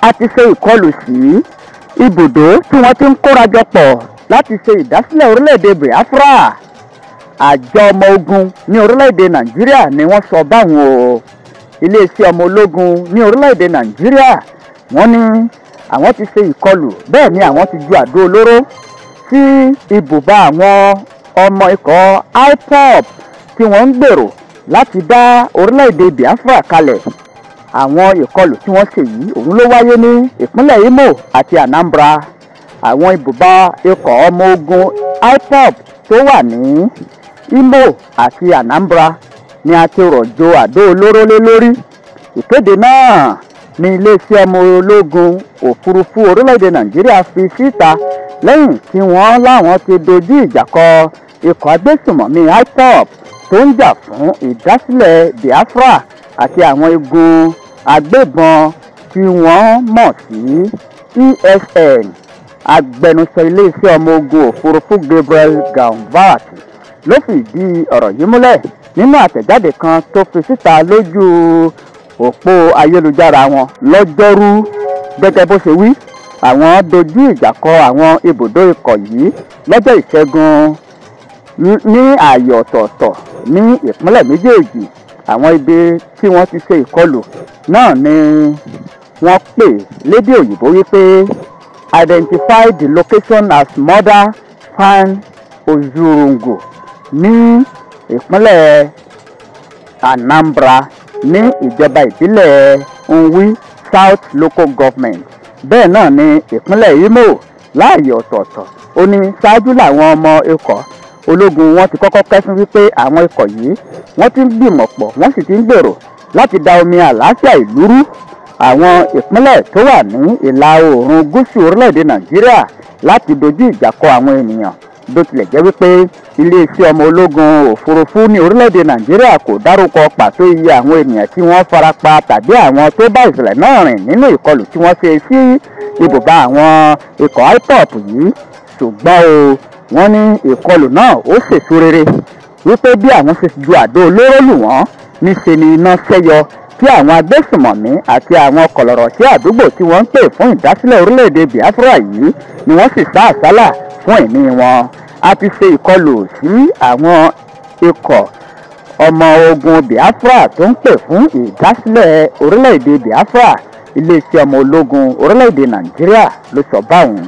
a ti ṣe ìkọlù sí ibùdó tí wọ́n ti ń kórajọ pọ̀ láti ṣe ìdásílẹ̀ orílẹ̀-èdè Biafra àjọ ọmọ ogun ní orílẹ̀-èdè Nàìjíríà ni wọ́n sọ báwọn o iléeṣẹ́ ọmọ ológun ní orílẹ̀-èdè Nàìjíríà wọ́n ní àwọn ti ṣe ìkọlù bẹ́ẹ̀ ni àwọn ti ju àdó olóró sí ibùba àwọn ọmọ ikọ̀ IPOB tí wọ́n ń gbèrò láti dá orílẹ̀-èdè Biafra kalẹ̀ àwọn ìkọlù tí wọ́n ṣe yìí òun ló wáyé ní ìpínlẹ̀ Imo àti Anambra àwọn ibùba ikọ̀ ọmọ ogun IPOB tó wà ní Imo àti Anambra ni a ti rọ̀jò àdó olóró lé lórí ìkéde náà ni iléeṣẹ́ ọmọ ológun òfurufú orílẹ̀-èdè Nàìjíríà fi síta lẹ́yìn tí wọ́n láwọn ti dojú ìjà kọ ikọ̀ agbésùmọ̀mí IPOB tó ń jà fún ìdásílẹ̀ Biafra àti àwọn igun agbébọn tí wọ́n mọ̀ sí ESN agbẹnusọ iléeṣẹ́ ọmọ ogun òfurufú Gabriel Gamvat ló fìdí ọ̀rọ̀ yìí múlẹ̀ nínú àtẹ̀jáde kan tó fi síta lójú òpó ayélujára wọn lọ́jọ́rú gẹ́gẹ́ bó ṣe wí àwọn dojú ìjà kọ àwọn ibùdó ikọ̀ yìí lọ́jọ́ ìṣẹ́gun ní ààyè ọ̀tọ̀ọ̀tọ̀ ní ìpínlẹ̀ méjèèjì àwọn ibi tí wọ́n ti ṣe ìkọlù náà ni wọ́n pè lédè òyìnbó wípé identify the location as murder fan ozurungo ní ìpínlẹ̀ anambra ní ìjọba ìbílẹ̀ nwi south local government bẹ́ẹ̀ náà ni ìpínlẹ̀ imo láàyè ọ̀tọ̀ọ̀tọ̀ ó ní ṣáájú làwọn ọmọ ikọ̀ ológun wọn ti kọ́kọ́ kẹ́sùn wípé àwọn ikọ̀ yìí wọ́n ti ń gbìmọ̀ pọ̀ wọ́n sì ti ń gbèrò láti da omi àlàáfíà ìlú rú àwọn ìpínlẹ̀ tó wà ní ìlà oòrùn gúúsù orílẹ̀-èdè nàìjíríà láti dojú ìjà kọ àwọn ènìyàn bó tilẹ̀ jẹ́ wípé iléeṣẹ́ ọmọ ológun òfurufú ní orílẹ̀-èdè nàìjíríà kò dárúkọ pàtó iye àwọn ènìyàn tí wọ́n farapa tàbí àwọn tó bá ìṣẹ̀lẹ̀ náà rìn nínú ìkọlù tí wọ́n ṣe sí ibùba àwọn ikọ̀ ipop yìí ṣùgbọ́n o wọ́n ní ìkọlù náà ó ṣètò rere wípé bí àwọn ṣe ju àdó olóró lù wọ́n níṣe ni iná ṣẹ́yọ tí àwọn agbésùmọ̀mí àti àwọn kọ̀lọ̀rọ̀ sí àdúgbò tí wọ́n ń pè fún ìdásílẹ̀ orílẹ̀-èdè biafra yìí ni wọ́n sì sá àsálà fún ìní wọn a ti ṣe ìkọlù sí àwọn ikọ̀ ọmọ ogun biafra tó ń pè fún ìdásílẹ̀ orílẹ̀-èdè biafra iléeṣẹ́ ọmọ ológun orílẹ̀-èdè nàìjíríà ló sọ báwọn